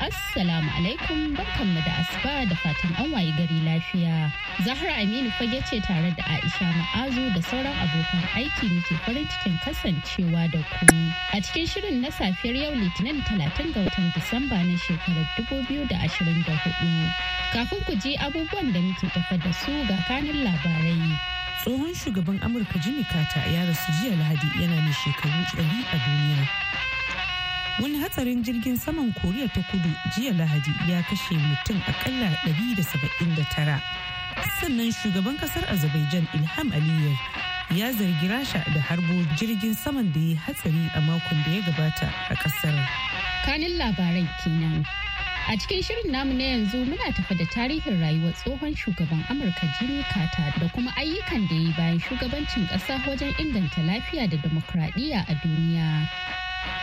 Assalamu alaikum mu da asuba da fatan an waye gari lafiya. Zahra Aminu fage ce tare da Aisha Ma'azu da sauran abokan aiki muke farin cikin kasancewa da ku. A cikin shirin na safiyar yau Litinin talatin ga watan Disamba na shekarar dubu biyu da da ashirin hudu. Kafin ku ji abubuwan da muke tafa da su ga kanin labarai. Tsohon shugaban Amurka Jimmy Carter ya rasu jiya Lahadi yana mai shekaru ɗari a duniya. wani hatsarin jirgin saman koriya ta kudu jiya lahadi ya kashe mutum akalla 179 sannan shugaban kasar azerbaijan ilham aliyev ya zargi rasha da harbo jirgin saman da ya hatsari a makon da ya gabata a kasar kanin labarai kenan a cikin shirin namu na yanzu muna tafa da tarihin rayuwar tsohon shugaban amurka jimmy carter da kuma ayyukan da ya yi bayan shugabancin ƙasa wajen inganta lafiya da demokradiyya a duniya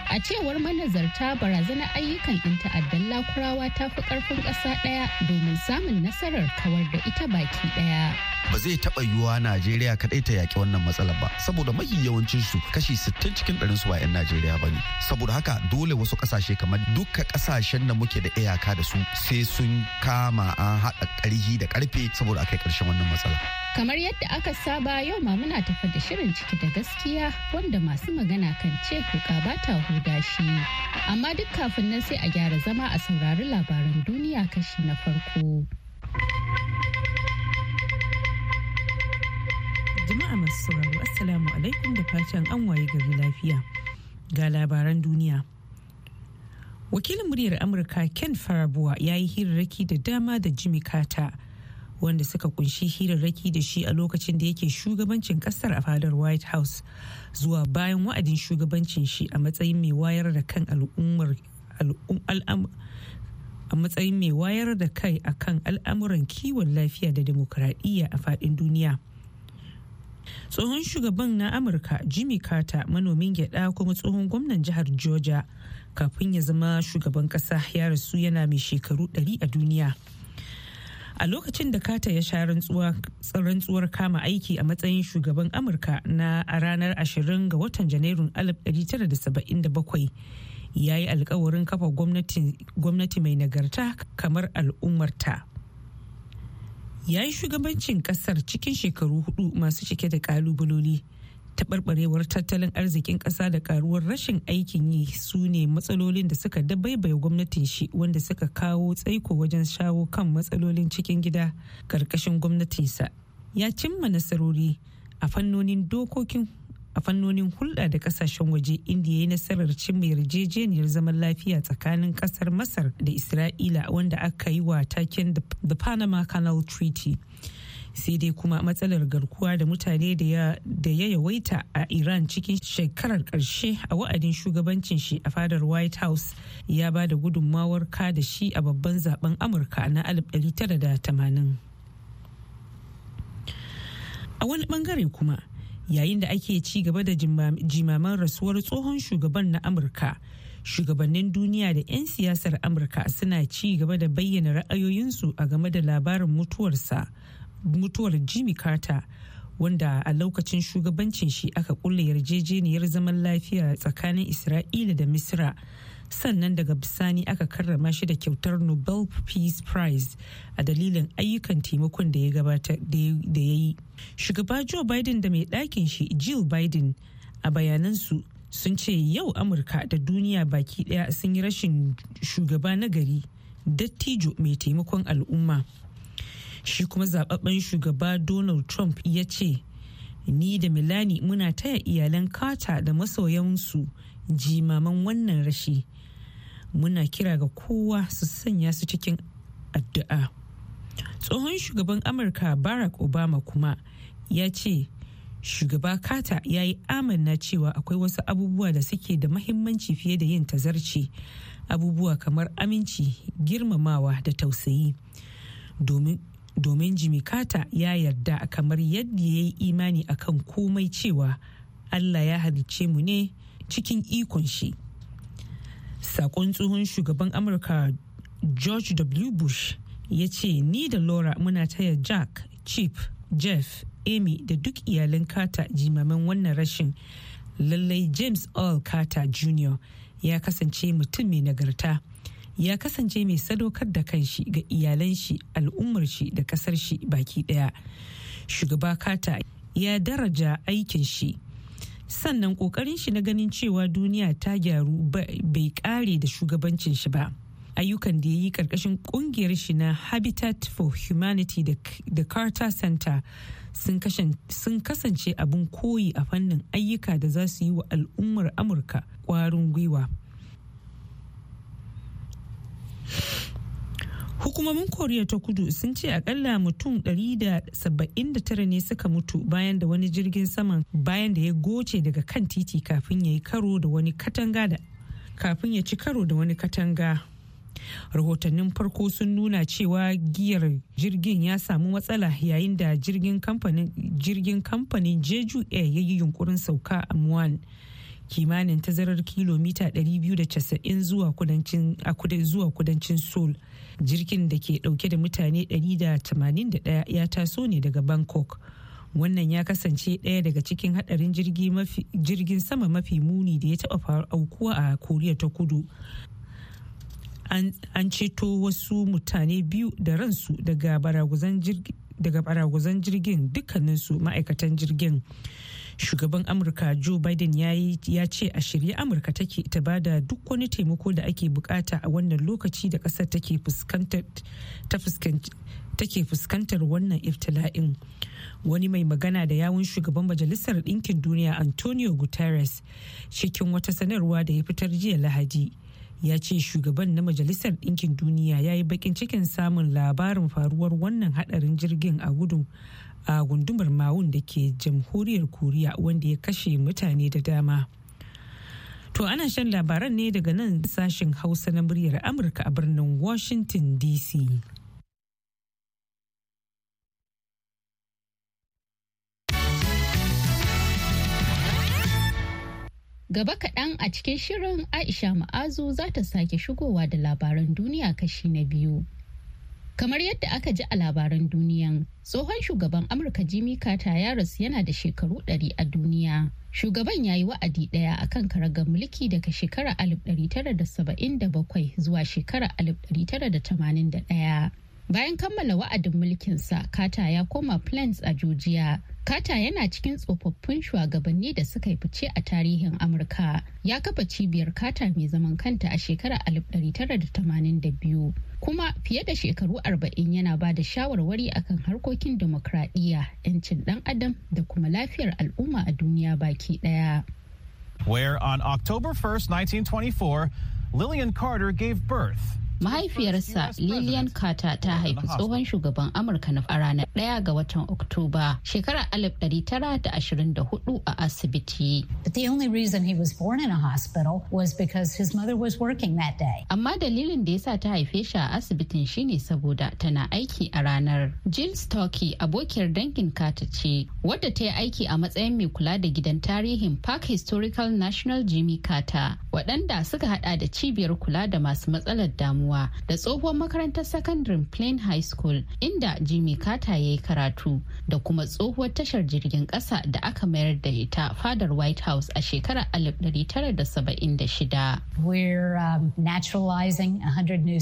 A cewar manazarta barazanar ayyukan 'yan ta'addan lakurawa ta fi karfin ƙasa ɗaya domin samun nasarar kawar da ita baki ɗaya. ba zai taɓa yiwuwa Najeriya kaɗai ta yaƙi wannan matsalar ba saboda mafi yawancin su kashi 60 cikin ɗarin su ba 'yan Najeriya ba ne saboda haka dole wasu ƙasashe kamar duka ƙasashen da muke da iyaka da su sai sun kama an haɗa ƙarfi da ƙarfe saboda aka yi ƙarshen wannan matsala. Kamar yadda aka saba yau ma muna tafa da shirin ciki da gaskiya wanda masu magana kan ce ku ƙabata gashi Amma duk kafin nan sai a gyara zama a saurari labaran duniya kashi na farko. Jama'a masu sauraro Assalamu alaikum da fatan an waye gari lafiya. Ga labaran duniya. Wakilin muryar Amurka Ken Farabuwa ya yi hirarraki da dama da Jimmy Carter. wanda suka kunshi hirarraki da shi a lokacin da yake shugabancin kasar a fadar white house zuwa bayan wa'adin shugabancin shi a matsayin mai wayar da kan al'ummar a matsayin mai wayar da kai a kan al'amuran kiwon lafiya da demokuraɗiyya a faɗin duniya tsohon shugaban na amurka jimmy carter manomin gyada kuma tsohon gwamnan jihar georgia kafin ya zama shugaban ƙasa ya rasu yana mai shekaru 100 a duniya. a lokacin da kata ya sha rantsuwar kama aiki a matsayin shugaban amurka na a ranar 20 ga watan janairun 1977 ya yi alkawarin kafa gwamnati mai nagarta kamar al'ummarta ya yi shugabancin kasar cikin shekaru hudu masu cike da kalubaloli. taɓarɓarewar tattalin arzikin ƙasa da ƙaruwar rashin aikin yi su ne matsalolin da suka dabaibaye gwamnatin shi wanda suka kawo tsaiko wajen shawo kan matsalolin cikin gida ƙarƙashin gwamnatinsa ya cimma nasarori a fannonin dokokin a fannonin hulɗa da ƙasashen waje inda ya yi nasarar cimma yarjejeniyar zaman lafiya tsakanin ƙasar masar da isra'ila wanda aka yi wa taken the panama canal treaty sai dai kuma matsalar garkuwa da mutane da ya yawaita a iran cikin shekarar karshe a wa'adin shugabancin shi a fadar white house ya ba da gudunmawar ka da shi a babban zaben amurka na 1980 a wani bangare kuma yayin da ake ci gaba da jimaman rasuwar tsohon shugaban na amurka shugabannin duniya da 'yan siyasar amurka suna ci gaba da bayyana ra'ayoyinsu a game da labarin mutuwarsa mutuwar jimmy carter wanda a lokacin shugabancin shi aka kulle yarjejeniyar zaman lafiya tsakanin isra'ila da misra sannan daga bisani aka karrama shi da kyautar nobel peace prize a dalilin ayyukan taimakon da ya gabata da ya yi shugaba joe biden da mai ɗakin shi jill biden a bayanansu sun ce yau amurka da duniya baki ɗaya sun yi rashin shugaba nagari dattijo mai taimakon al'umma shi kuma zababben shugaba donald trump ya ce ni da milani muna taya iyalan kata da masoyansu jimaman wannan rashi muna kira ga kowa su sanya su cikin addu'a tsohon shugaban amurka barack obama kuma ya ce shugaba kata ya yi amanna cewa akwai wasu abubuwa da suke da mahimmanci fiye da yin tazarci abubuwa kamar aminci girmamawa da tausayi domin domin jimmy carter ya yarda kamar yadda ya yi imani akan komai cewa allah ya halicce mu ne cikin ikon shi sakon tsohon shugaban amurka george w bush ya ce ni da laura muna taya jack chip jeff amy da duk iyalin carter jimamin wannan rashin lallai james earl carter jr ya kasance mutum mai nagarta ya kasance mai sadaukar da kanshi ga iyalan shi al'ummar shi da kasar shi baki daya shugaba kata ya daraja aikin shi sannan kokarin shi na ganin cewa duniya ta gyaru bai kare da shugabancin shi ba ayyukan da ya yi karkashin kungiyar shi na habitat for humanity da carter center sun kasance abin koyi a fannin ayyuka da za su yi wa al'ummar amurka kwarin gwiwa hukumomin koriya ta kudu sun ce akalla mutum 179 ne suka mutu bayan da wani jirgin saman bayan da ya goce daga kan titi kafin ya yi karo da wani katanga da kafin ya ci karo da wani katanga rahotannin farko sun nuna cewa giyar jirgin ya samu matsala yayin da jirgin kamfanin jeju air ya yi yunkurin sauka a muwan kimanin tazarar kilomita 290 zuwa kudancin seoul jirgin da ke dauke da mutane 181 ya taso ne daga bangkok wannan ya kasance ɗaya daga cikin hadarin jirgin sama mafi muni da ya taɓa aukuwa a koriya ta kudu an ceto wasu mutane biyu da ransu daga baraguzan jirgin dukkaninsu ma'aikatan jirgin shugaban amurka joe biden ya ce a shirye amurka take ta bada duk wani taimako da ake bukata a wannan lokaci da kasar take fuskantar wannan iftila'in wani mai magana da yawun shugaban majalisar ɗinkin duniya antonio guterres cikin wata sanarwa da ya fitar jiya lahadi ya ce shugaban na majalisar ɗinkin duniya ya yi bakin cikin samun labarin faruwar wannan hadarin jirgin a gudun a gundumar mawun da ke jamhuriyar koriya wanda ya kashe mutane da dama to ana shan labaran ne daga nan sashen hausa na muryar amurka a birnin washington dc Gaba kaɗan a cikin shirin Aisha Ma'azu za ta sake shigowa da labaran duniya kashi na biyu. Kamar yadda aka ji a labaran duniyan, tsohon shugaban Amurka Jimmy Carter ya rasu yana da shekaru ɗari a duniya. Shugaban ya yi wa'adi ɗaya a kan karagar mulki daga shekara 1977 zuwa shekara 1981. bayan kammala wa'adin mulkinsa kata ya koma plains a kata yana cikin tsofaffin shugabanni da suka yi fice a tarihin amurka ya kafa cibiyar kata mai zaman kanta a shekarar 1982 kuma fiye da shekaru 40 yana ba da shawarwari akan harkokin demokradiyya 'yancin dan adam da kuma lafiyar al'umma a duniya baki daya where on october 1st 1924 lillian carter gave birth mahaifiyarsa lillian carter ta haifi tsohon shugaban amurka na ranar ɗaya ga watan oktoba shekarar alif a asibiti the only reason he was born in a hospital was because his mother was working that day amma dalilin da yasa ta haife shi a asibitin shine saboda tana aiki a ranar jill stocky abokiyar dangin carter ce wadda ta yi aiki a matsayin mai kula da gidan tarihin park historical national jimmy carter waɗanda suka hada da cibiyar kula da masu matsalar damuwa Kanuwa da tsohuwar makarantar Secondary Plain High School inda Jimmy Carter ya yi karatu da kuma tsohuwar tashar jirgin ƙasa da aka mayar da ita fadar White House a shekarar 1976. Um,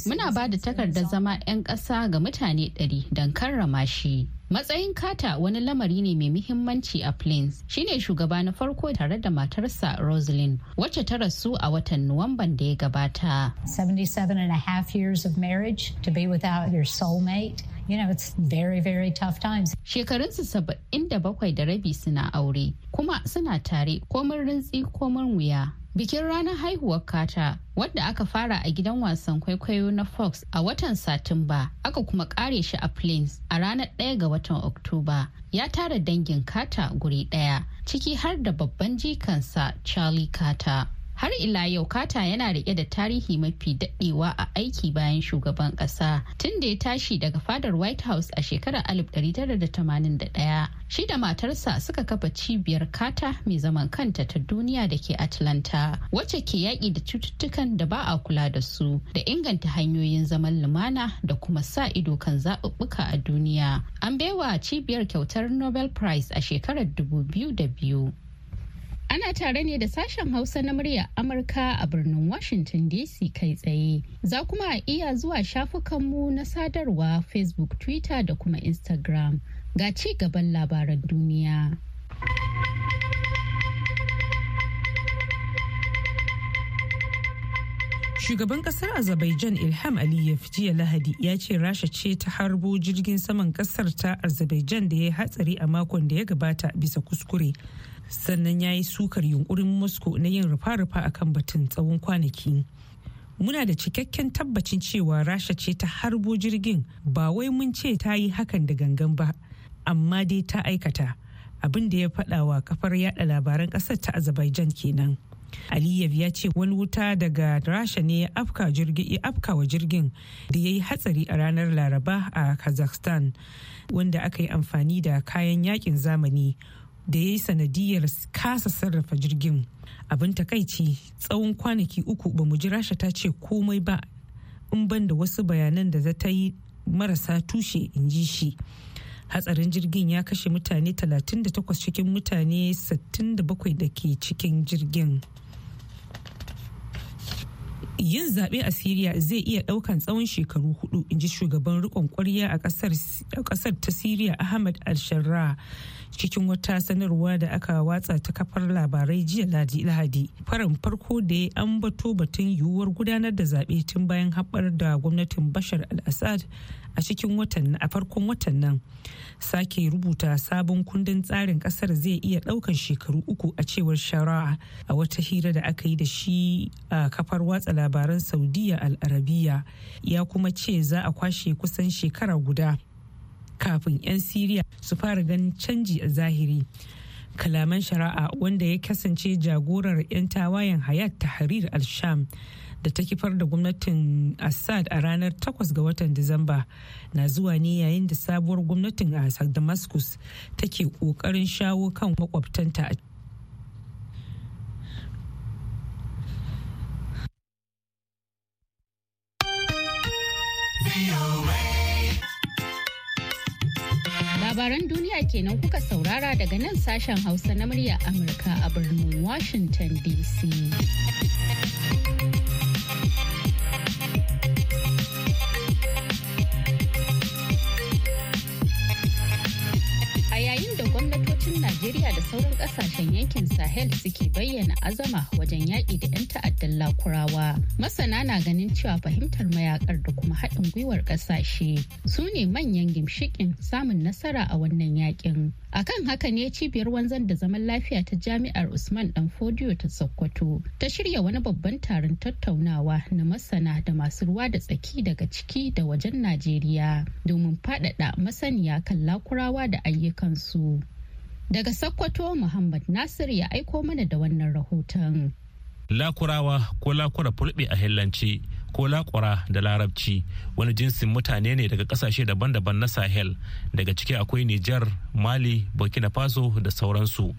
Muna ba da takardar zama 'yan ƙasa ga mutane 100 don karrama shi. Matsayin kata wani lamari ne mai muhimmanci a Plains. Shine shugaba na farko tare da matarsa Rosalind wacce ta rasu a watan Nuwamban da ya gabata. 77 and a of marriage to without your soulmate. You know, it's very, Shekarunsu saba'in da bakwai da rabi suna aure, kuma suna tare komin rintsi komin wuya. bikin ranar haihuwar kata wadda aka fara a gidan wasan kwaikwayo na fox a watan satumba aka kuma kare shi a plains a ranar 1 ga watan oktoba ya tara dangin kata guri daya ciki har da babban jikansa charlie carter. har ila yau kata yana rike da tarihi mafi daɗewa a aiki bayan shugaban ƙasa tun da ya tashi daga fadar white house a shekarar 1981 shi da matarsa suka kafa cibiyar kata mai zaman kanta ta duniya da ke atlanta wacce ke yaƙi da cututtukan da ba a kula da su da inganta hanyoyin zaman lumana da kuma sa ido kan zaɓuɓɓuka a duniya an baiwa cibiyar kyautar nobel prize a shekarar 2002 Ana tare ne da sashen Hausa na murya Amurka a birnin Washington DC kai tsaye. Za kuma a iya zuwa shafukanmu na sadarwa Facebook, Twitter da kuma Instagram. Ga ci gaban labaran duniya. Shugaban kasar Azerbaijan Ilham Aliyev jiya Lahadi ya ce Rasha ce ta harbo jirgin saman kasar ta Azerbaijan da ya hatsari a makon da ya gabata bisa kuskure. sannan ya yi sukar yunkurin moscow na yin rufa-rufa a kan batun tsawon kwanaki muna da cikakken tabbacin cewa rasha ce ta harbo jirgin ba wai mun ce ta yi hakan da gangan ba amma dai ta aikata abin da ya faɗa wa kafar yada labaran ƙasar ta azerbaijan kenan aliyev ya ce wani wuta daga rasha ne ya afka wa jirgin da ya yi hatsari a ranar laraba a kazakhstan wanda aka yi amfani da kayan yakin zamani da ya yi sanadiyar kasa sarrafa jirgin abin takaici tsawon kwanaki uku ba mu ji rasha ta ce komai ba in ban da wasu bayanan da za ta yi marasa tushe in ji shi hatsarin jirgin ya kashe mutane 38 cikin mutane 67 da ke cikin jirgin. yin zaɓe a Siriya zai iya ɗaukan tsawon shekaru hudu in ji shugaban rikon ƙwarya a ƙasar ta Siriya Ahmad al-Sharra cikin wata sanarwa da aka watsa ta kafar labarai jiya Lahadi. Farin farko da ya bato batun yiwuwar gudanar da zaɓe tun bayan haɓar da gwamnatin Bashar al-Assad a cikin watan a farkon watan nan sake rubuta sabon kundin tsarin kasar zai iya daukan shekaru uku a cewar shara'a a wata hira da aka yi da shi a kafar watsa labaran saudiya al'arabiya ya kuma ce za a kwashe kusan shekara guda kafin 'yan siriya su fara ganin canji a zahiri kalaman shari'a wanda ya kasance jagorar 'yan tawayen hayat tahrir al-sham da ta kifar da gwamnatin assad a ranar 8 ga watan disamba na zuwa ne yayin da sabuwar gwamnatin a damascus take kokarin shawo kan makwabtanta a labaran duniya kenan kuka saurara daga nan sashen hausa na murya amurka a birnin washington dc yayin da gwamnatocin Najeriya da sauran kasashen yankin Sahel suke bayyana azama wajen yaƙi da 'yan ta'addan lakurawa. Masana na ganin cewa fahimtar mayakar da kuma haɗin gwiwar ƙasashe su ne manyan gimshikin samun nasara a wannan yaƙin. akan haka ne cibiyar wanzan da zaman lafiya ta jami'ar usman dan fodiyo ta sokoto ta shirya wani babban taron tattaunawa na masana da masu ruwa da tsaki daga ciki da wajen najeriya domin faɗaɗa masaniya kan lakurawa da ayyukansu daga sokoto muhammad nasir ya aiko mana da wannan rahoton lakurawa ko lakura fulbe a hillanci ko lakwara da larabci wani jinsin mutane ne daga kasashe daban-daban na sahel daga ciki akwai nijar mali burkina faso da sauransu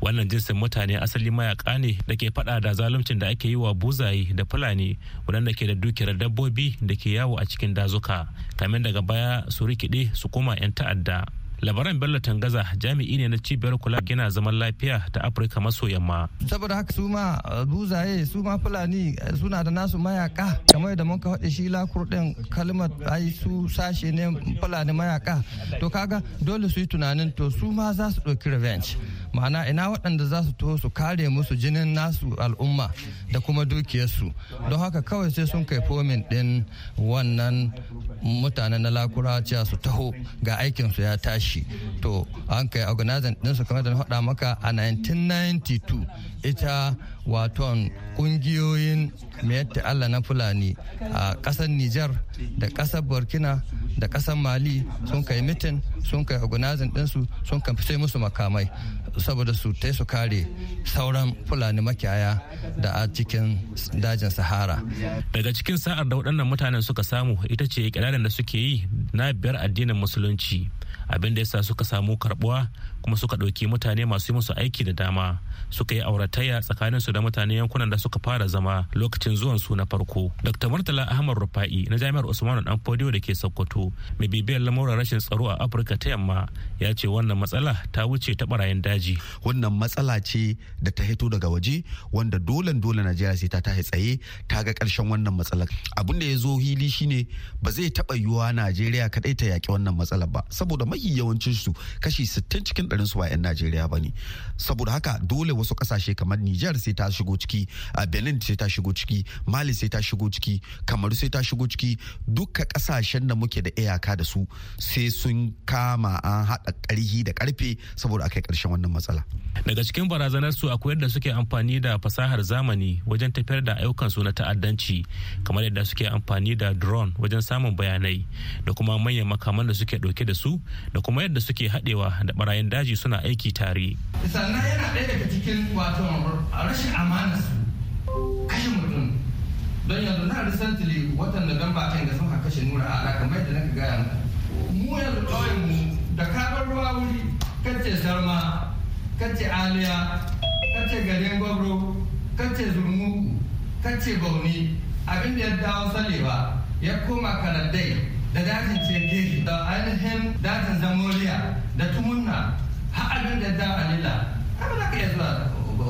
wannan jinsin mutane asali mayaka ne da ke fada da zaluncin da ake yi wa buzaye da fulani waɗanda ke da dukiyar dabbobi da ke yawo a cikin dazuka kamin daga baya su rikide su koma 'yan ta'adda labaran bello tangaza jami'i ne na cibiyar kula gina zaman lafiya ta afirka maso yamma saboda haka su ma uh, buzaye su ma fulani uh, suna da nasu mayaka kamar da muka faɗi shi lakur ɗin kalmar ai su sashe ne fulani mayaka to kaga dole su yi tunanin to su ma za su ɗauki revenge ma'ana ina waɗanda za su taho su kare musu jinin nasu al'umma da kuma dukiyarsu don haka kawai sai sun kai fomin ɗin wannan mutane na lakura su taho ga aikinsu ya tashi to an kai organizing ɗinsu kamar da na faɗa maka a 1992 ita waton ƙungiyoyin mayatta Allah na fulani a ƙasar Nijar da ƙasar burkina da ƙasar mali sun kai mitin sun kai organizing dinsu sun kan sai musu makamai saboda su tai su kare sauran fulani makiyaya da a cikin dajin sahara daga cikin sa'ar da waɗannan mutanen suka samu ita ce ikirarin da suke yi na biyar addinin musulunci abin da yasa suka samu karbuwa kuma suka ɗauki mutane masu yi musu aiki da dama suka yi auratayya tsakanin su da mutane yankunan da suka fara zama lokacin zuwan su na farko dr murtala ahmad rufa'i na jami'ar usmanu dan fodiyo da ke sokoto mai bibiyar lamuran rashin tsaro a afirka ta yamma ya ce wannan matsala ta wuce ta barayin daji wannan matsala ce da ta hito daga waje wanda dolen dole najeriya sai ta tashi tsaye ta ga karshen wannan matsala. abin da ya zo hili shine ba zai taɓa yiwuwa najeriya Najeriya kadai ta yaki wannan matsalar ba saboda mafi yawancin su kashi 60 cikin ɗarin su ba 'yan Najeriya ba ne saboda haka dole wasu kasashe kamar Nijar sai ta shigo ciki a Benin sai ta shigo ciki Mali sai ta shigo ciki kamar sai ta shigo ciki duka kasashen da muke da iyaka da su sai sun kama an haɗa ƙarhi da ƙarfe saboda aka yi ƙarshen wannan matsala. Daga cikin barazanar su akwai yadda suke amfani da fasahar zamani wajen tafiyar da ayyukan su na ta'addanci kamar yadda suke amfani da drone wajen samun bayanai da kuma kuma manyan makaman da suke ɗauke da su da kuma yadda suke haɗewa da barayin daji suna aiki tare. sannan yana ɗaya daga cikin wato rashin amana su kashe mutum don yanzu na recently watan da gan bakin da suka kashe nura ala mai da naka gaya mu yanzu kawai mu da kabar ruwa wuri kace sarma kace aliya kace garin gwabro kace zurmu kace bauni abin da ya dawo salewa ya koma kanadai. da dajin cege da ainihin dajin zamoriya da tumunna har abin da a alila kuma za ka iya zuwa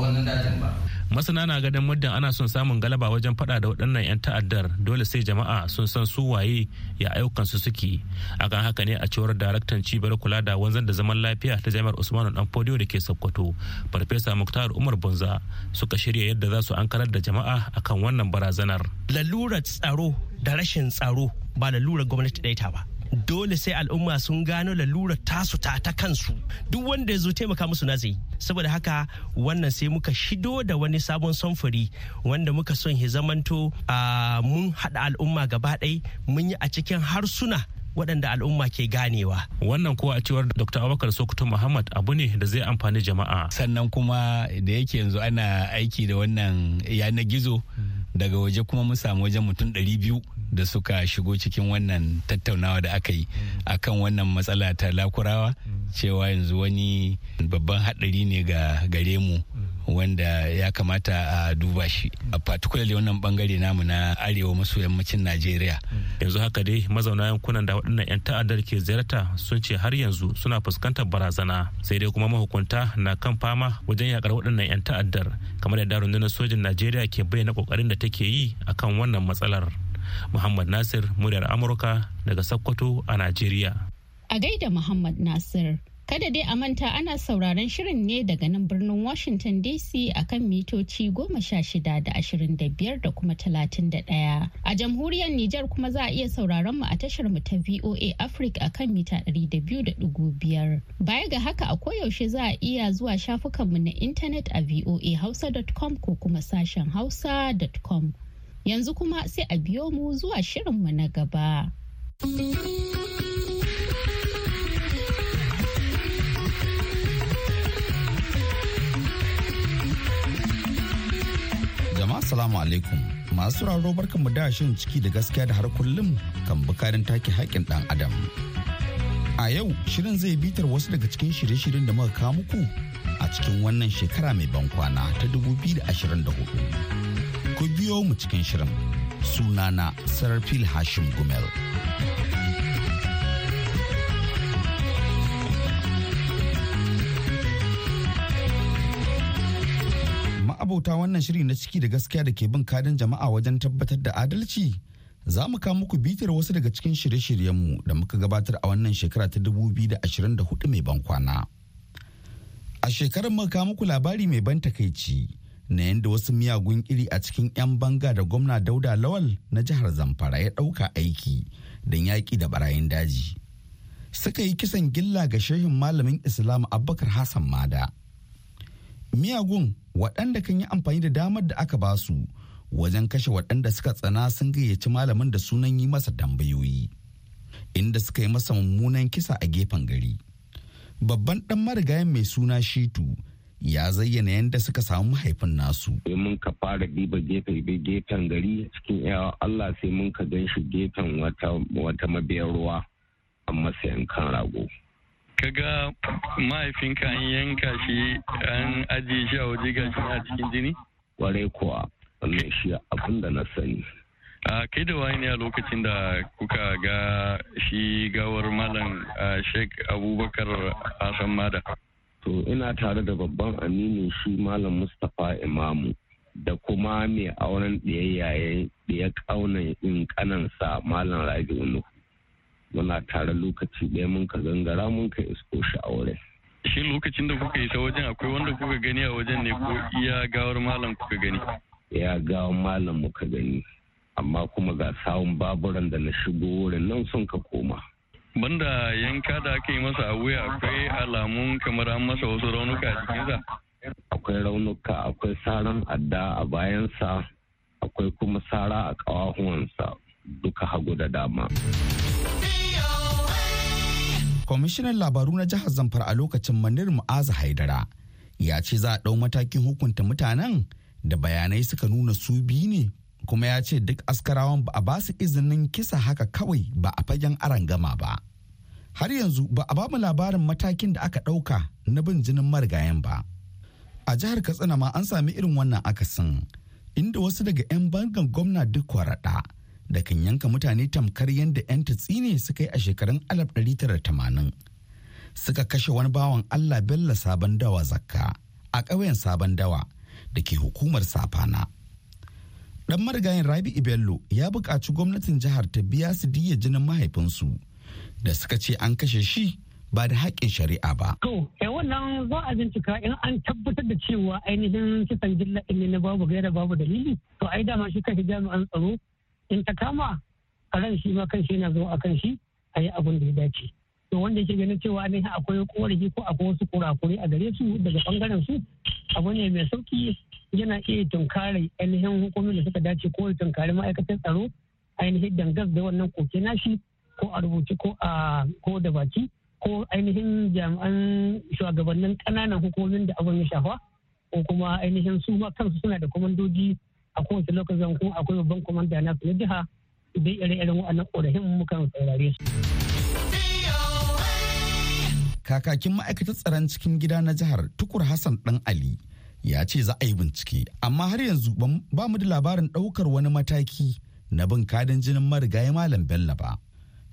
wannan dajin ba masana na ganin muddin ana son samun galaba wajen fada da waɗannan 'yan ta'addar dole sai jama'a sun san su waye ya ayyukansu suke a kan haka ne a cewar daraktan cibiyar kula da wanzan da zaman lafiya ta jami'ar usmanu dan fodiyo da ke sokoto farfesa muktar umar bunza suka shirya yadda za su ankarar da jama'a akan wannan barazanar lalurar tsaro da rashin tsaro ba lalurar gwamnati ɗaya ta ba dole sai al'umma sun gano lalurar tasu ta ta kansu duk wanda ya zo taimaka musu na zai saboda haka wannan sai muka shido da wani sabon samfuri wanda muka son ya zamanto ah, mun haɗa al'umma gaba ɗai mun yi a cikin harsuna waɗanda al'umma ke ganewa. Wannan kuwa a cewar Dr. Abubakar Sokoto Muhammad abu ne da zai amfani jama'a. Sannan kuma da yake yanzu ana aiki da wannan yanar gizo daga waje kuma mun samu wajen mutum ɗari biyu da suka shigo cikin wannan tattaunawa da aka yi a kan wannan matsala ta lakurawa cewa yanzu wani babban haɗari ne ga gare mu wanda ya kamata a duba shi a particularly wannan bangare namu na arewa maso yammacin najeriya yanzu haka dai mazauna yankunan da waɗannan 'yan ta'addar ke ziyarta sun ce har yanzu suna fuskantar barazana sai dai kuma mahukunta na kan fama wajen yakar waɗannan 'yan ta'addar kamar yadda rundunar sojin najeriya ke bayyana kokarin da take yi akan wannan matsalar muhammad nasir muryar amurka daga sokoto a najeriya a gaida muhammad nasir Kada dai a manta ana sauraron shirin ne daga nan birnin Washington DC akan mitoci goma sha shida da ashirin da biyar da kuma talatin da ɗaya. A jamhuriyar Nijar kuma za a iya sauraron mu a tashar mu ta VOA Africa akan mita ɗari da biyu da ɗigo biyar. Baya ga haka a koyaushe za a iya zuwa shafukan mu na intanet a voahausa.com ko kuma sashen hausa.com. Yanzu kuma sai a biyo mu zuwa shirin mu na gaba. Assalamu alaikum. Masu raro mu da shin ciki da gaskiya da har kullum kan bukarin take haƙƙin ɗan adam. A yau shirin zai bitar wasu daga cikin shirye-shiryen da muka kawo muku a cikin wannan shekara mai ban kwana ta 2024. Ku biyo mu cikin shirin sunana Sarfil Hashim Gumel. abota wannan shiri na ciki da gaskiya da ke bin kadin jama'a wajen tabbatar da adalci za mu kawo muku bitar wasu daga cikin shirye-shiryenmu da muka gabatar a wannan shekara ta 2024 mai ban kwana. A shekarar muka kawo muku labari mai ban takaici na yadda wasu miyagun iri a cikin 'yan banga da gwamna Dauda Lawal na jihar Zamfara ya dauka aiki don yaƙi da barayin daji. Suka yi kisan gilla ga shehin malamin Islam Abubakar Hassan Mada miyagun waɗanda kan yi amfani da damar da aka ba su wajen kashe waɗanda suka tsana sun gayyaci malamin da sunan yi masa tambayoyi inda suka yi masa mummunan kisa a gefen gari babban ɗan marigayen mai suna shitu ya zayyana yadda suka samu mahaifin nasu. Sai mun ka fara diba gefe gefen gari cikin yawa Allah sai mun ka gan shi gefen wata mabiyar ruwa a masayan kan rago. Ka ga mahaifinka an yanka shi an ajiye shi a waje ga shi a cikin jini? Kwarai kuwa, wannan shi abin da na sani. a kai da wani a lokacin da kuka ga shi gawar malam sheik abubakar hassan mada to ina tare da babban aminin shi malam mustapha imamu da kuma mai auren ɗaya yayin ɗaya ƙaunar in ƙanansa malam rabi'u nuhu muna tare lokaci ɗaya mun ka gangara mun ka isko shi aure. Shin lokacin da kuka isa ta wajen akwai wanda kuka gani a wajen ne ko iya gawar malam kuka gani? Ya gawar malam muka gani. Amma kuma ga sawun baburan da na shigo wurin nan sun ka koma. Banda yanka da aka yi masa a wuya akwai alamun kamar an masa wasu raunuka a sa? Akwai raunuka akwai saran adda a bayansa akwai kuma sara a ƙawahuwansa duka hagu da dama. kwamishinan labaru na jihar zamfara a lokacin manir mu'aza haidara ya ce za a ɗau matakin hukunta mutanen da bayanai suka nuna su biyu ne kuma ya ce duk askarawan ba a ba su izinin kisa haka kawai ba a fagen gama ba har yanzu ba a bamu labarin matakin da aka ɗauka na bin jinin marigayen ba a jihar katsina ma an sami irin wannan akasin inda wasu daga 'yan bangan gwamna duk kwaraɗa da kan yanka mutane tamkar yadda 'yan tsine suka yi a shekarun tara 1980 suka kashe wani bawan Allah Bello Sabon Dawa Zakka a ƙauyen Sabon Dawa da ke hukumar Safana. Dan marigayin Rabi'u Bello ya buƙaci gwamnatin jihar ta biya su diya jinin mahaifinsu da suka ce an kashe shi ba da haƙƙin shari'a ba. To, ya eh, wannan za a bincika in an tabbatar da cewa ainihin kisan jilla ne na babu gaira babu dalili, to ai dama shi kashe jami'an tsaro in ta kama ran shi ma kan shi yana zo akan shi a yi abin da ya dace to wanda yake ganin cewa ne akwai korafi ko akwai wasu kurakuri a gare su daga bangaren su abu ne mai sauki yana iya tunkarai ainihin hukumomin da suka dace ko tunkari ma'aikatan tsaro ainihin dangas da wannan koke nashi ko a rubuce ko a ko da baki ko ainihin jami'an shugabannin ƙananan hukumomin da abin ya shafa ko kuma ainihin su ma kansu suna da kwamandoji a kowace lokacin kuma akwai babban komanda na su na jiha idan ire-iren waɗannan ƙorafin mukan saurare su. Kakakin ma'aikatar tsaron cikin gida na jihar Tukur Hassan Dan Ali ya ce za a yi bincike amma har yanzu ba mu da labarin ɗaukar wani mataki na bin kadin jinin marigayi Malam Bello ba.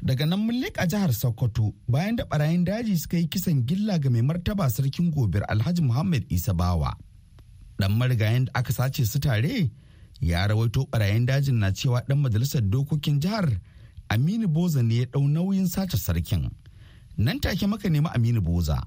Daga nan mun leƙa jihar Sokoto bayan da barayin daji suka yi kisan gilla ga mai martaba sarkin gobe, Alhaji Muhammad Isa Bawa. Dan marigayen da aka sace su tare ya rawaito barayin dajin na cewa dan majalisar dokokin jihar aminu boza ne ya dau nauyin sace sarkin nan take maka nemi aminu boza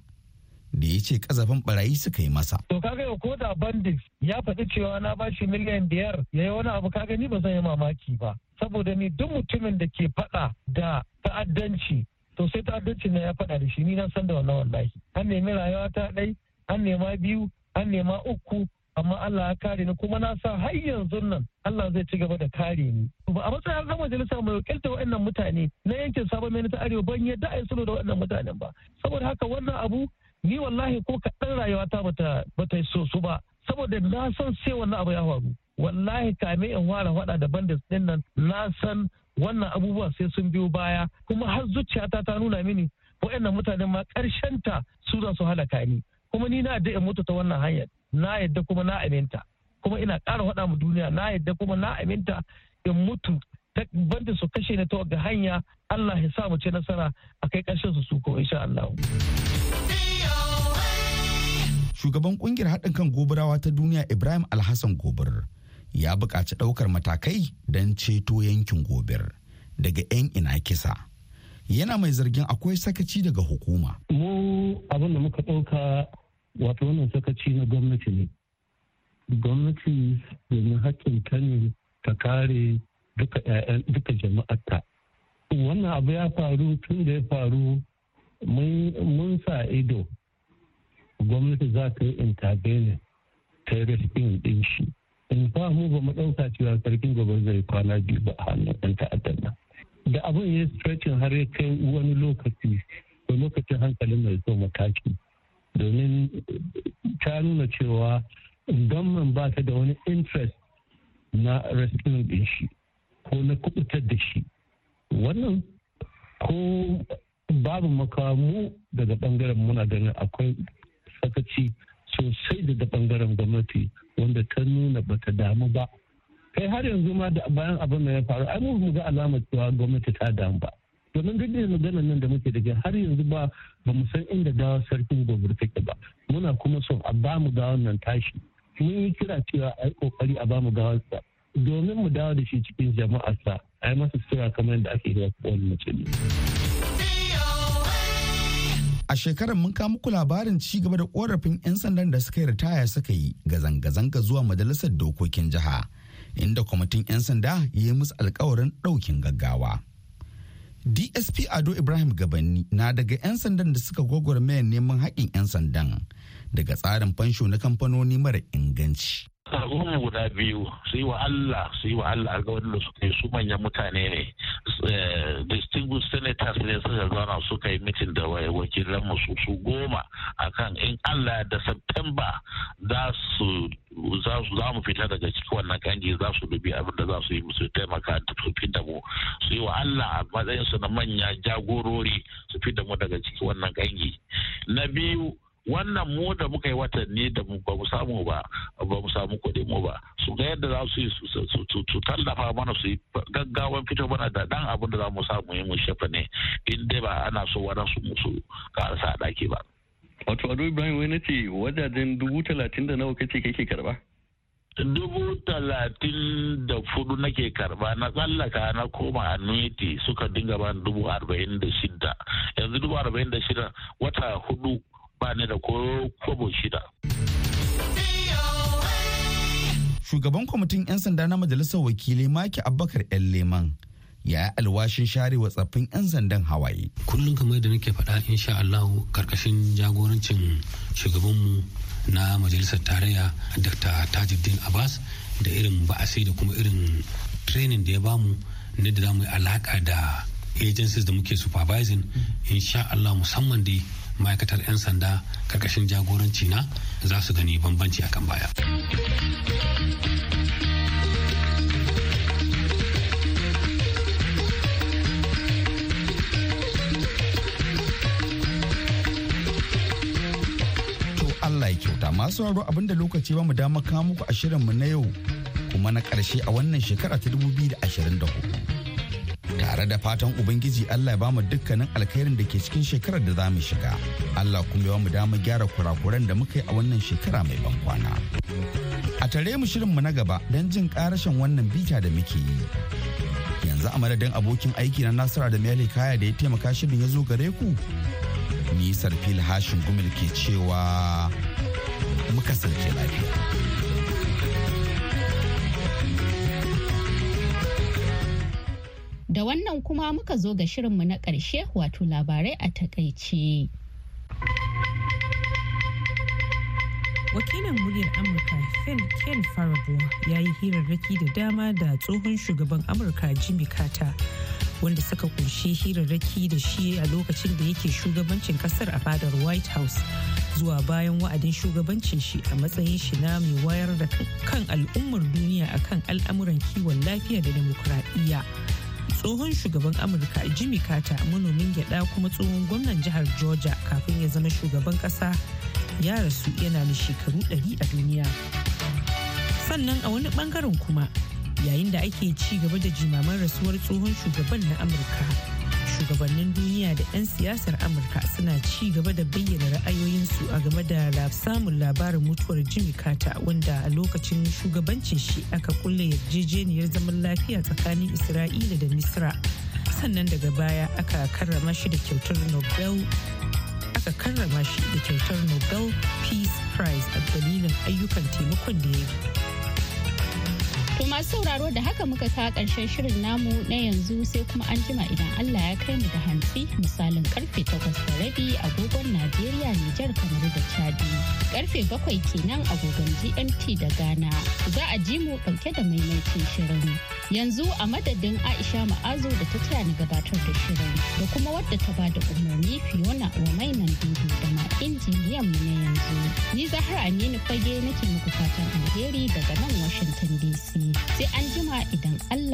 da ya ce kazafin barayi suka yi masa. To kaga ya koda bandit ya faɗi cewa na bashi miliyan biyar ya yi wani abu ka gani ba zan yi mamaki ba. Saboda ni duk mutumin da ke faɗa da ta'addanci to sai ta'addanci na ya faɗa da shi ni na san da wannan wallahi. An nemi rayuwa ta ɗai, an nema biyu, an nema uku, amma Allah ya kare ni kuma na sa har yanzu nan Allah zai ci gaba da kare ni ba a matsayin na majalisa mai wakilta waɗannan mutane na yankin sabon mai ta arewa ban yadda a yi sulhu da waɗannan mutanen ba saboda haka wannan abu ni wallahi ko kaɗan rayuwata bata bata so su ba saboda na san sai wannan abu ya faru wallahi kame in wara faɗa da bandits ɗin nan na san wannan abubuwa sai sun biyo baya kuma har zuciyata ta nuna mini waɗannan mutanen ma ta su za su halaka ni kuma ni na da in mutu ta wannan hanyar na yadda kuma na aminta kuma ina ƙara faɗa mu duniya na yadda kuma na aminta in mutu banda su kashe na ta ga hanya Allah ya sa mu ce nasara a kai ƙarshen su suko insha Allah. Shugaban kungiyar haɗin kan gobarawa ta duniya Ibrahim Alhassan Gobir ya buƙaci ɗaukar matakai don ceto yankin gobir daga 'yan ina kisa. Yana mai zargin akwai sakaci daga hukuma. Mu abin muka ɗauka wato wannan sakaci na gwamnati ne gwamnati domin hakkin ta ne ta kare duka jama'ata wannan abu ya faru tun da ya faru mun sa ido gwamnati za ta yi intervening ta yi respin din shi in fa mu ba mu ɗauka cewa sarkin gobe zai kwana biyu ba a hannun ɗan ta'addar nan da abin ya stretching har ya kai wani lokaci lokacin hankalin mai so mataki domin ta nuna cewa gwamnan ba ta da wani interest na rescuing din shi ko na kubutar da shi wannan ko babu makamu daga bangaren muna ganin akwai sakaci sosai daga bangaren gwamnati wanda ta nuna ba ta damu ba kai har yanzu ma da bayan abin da ya faru an mu ga alamar cewa gwamnati ta damu ba domin duk da maganar nan da muke daga har yanzu ba ba mu san inda dawa sarkin gobir take ba muna kuma son a ba mu ga wannan tashi mun yi kira cewa a yi kokari a ba mu ga gawansa domin mu dawo da shi cikin sa a yi masa sura kamar yadda ake yi wa wani ne. A shekarar mun kawo muku labarin ci gaba da korafin 'yan sandan da suka yi ritaya suka yi ga zanga-zanga zuwa majalisar dokokin jiha, inda kwamitin 'yan sanda ya yi musu alkawarin ɗaukin gaggawa. dsp ado ibrahim gabanni na daga 'yan sandan da suka gwagwarmayar neman haƙƙin 'yan sandan daga tsarin fansho na kamfanoni mara inganci tsaro guda biyu su yi wa Allah su yi wa Allah alkawarin da suka yi su manyan mutane ne eh, distinguished senators ne suka zauna suka yi mitin da wakilan musu su goma akan in Allah da September za su za mu fita daga cikin wannan kangi za su dubi abin da za su yi musu taimaka su da mu su yi wa Allah a matsayin su na manya jagorori su da mu daga cikin wannan kangi na biyu wannan mu da muka yi watanni da ba mu samu ba ba mu samu kuɗi mu ba su ga yadda za su yi su tallafa mana su yi gaggawan fito mana da dan abin da za mu samu yi mu shafa ne in dai ba ana so mu su ƙara a ɗaki ba. Wato Ado Ibrahim wai nace wajajen dubu talatin da nawa kace kake karba? Dubu talatin da fudu nake karba na tsallaka na koma annuity suka dinga ba dubu arba'in da shida yanzu dubu arba'in da shida wata hudu ba ni da ko kobo shida. Shugaban kwamitin 'yan sanda na majalisar wakilai Maki Abubakar 'yan Leman ya yi alwashin sharewa tsaffin 'yan sandan hawaye. Kullum kamar da nake faɗa insha Allahu karkashin jagorancin shugabanmu na majalisar tarayya Dr. Tajuddin Abbas da irin ba'asai da kuma irin training da ya bamu na da za mu yi alaƙa da agencies da muke supervising insha Allah musamman dai ma'aikatar 'yan sanda karkashin jagoranci na za su gani bambanci akan baya. to Allah ya kyauta masu abin abinda lokaci ba mu dama kawo muku a shirinmu na yau kuma na ƙarshe a wannan shekara ta 2024. tare da fatan ubangiji allah ya ba mu dukkanin alkhairin da ke cikin shekarar da za mu shiga allah kuma ya mu dama gyara kurakuran da muka yi a wannan shekara mai ban kwana a tare mu shirin mu na gaba don jin karashin wannan bita da muke yi yanzu a madadin abokin aiki na nasara da mele kaya da ya taimaka shirin ya zo gare ku ni sarfil hashin gumil ke cewa muka kasance lafiya Da wannan kuma muka zo ga shirinmu na ƙarshe wato labarai a takaice. wakilin muryar amurka phil ken farabo ya yi hirarraki da dama da tsohon shugaban amurka jimmy carter wanda suka kunshi hirarraki da shi a lokacin da yake shugabancin kasar a fadar white house zuwa bayan wa'adin shugabancin shi a matsayin shi na mai wayar da kan al'ummar duniya akan al'amuran kiwon lafiya da demokuraɗiyya. tsohon shugaban amurka jimmy carter manomin gyada kuma tsohon gwamnan jihar georgia kafin ya zama shugaban kasa ya rasu yana da shekaru 100 a duniya sannan a wani bangaren kuma yayin da ake ci gaba da jimaman rasuwar tsohon shugaban na amurka shugabannin duniya da 'yan siyasar amurka suna ci gaba da bayyana ra'ayoyinsu a game da samun labarin mutuwar jimmy carter wanda a lokacin shugabancin shi aka kulle yarjejeniyar zaman lafiya tsakanin isra'ila da misra sannan daga baya aka karrama shi da kyautar nobel aka karrama shi da kyautar nobel peace prize a dalilin ayyukan taimakon da ya yi To masu sauraro da haka muka sa ƙarshen shirin namu na yanzu sai kuma an jima idan Allah ya kai mu da hantsi misalin karfe takwas da rabi agogon Najeriya Nijar kamar da Chadi. Karfe bakwai kenan agogon GMT da Ghana. Za a ji mu ɗauke da maimaitin shirin. Yanzu a madadin Aisha Ma'azu da ta taya ni gabatar da shirin da kuma wadda ta ba da umarni Fiona wa nan dudu da ma injiniyan mu na yanzu. Ni Zahra Aminu Fage nake muku fatan alheri daga nan Washington DC. sai an jima idan Allah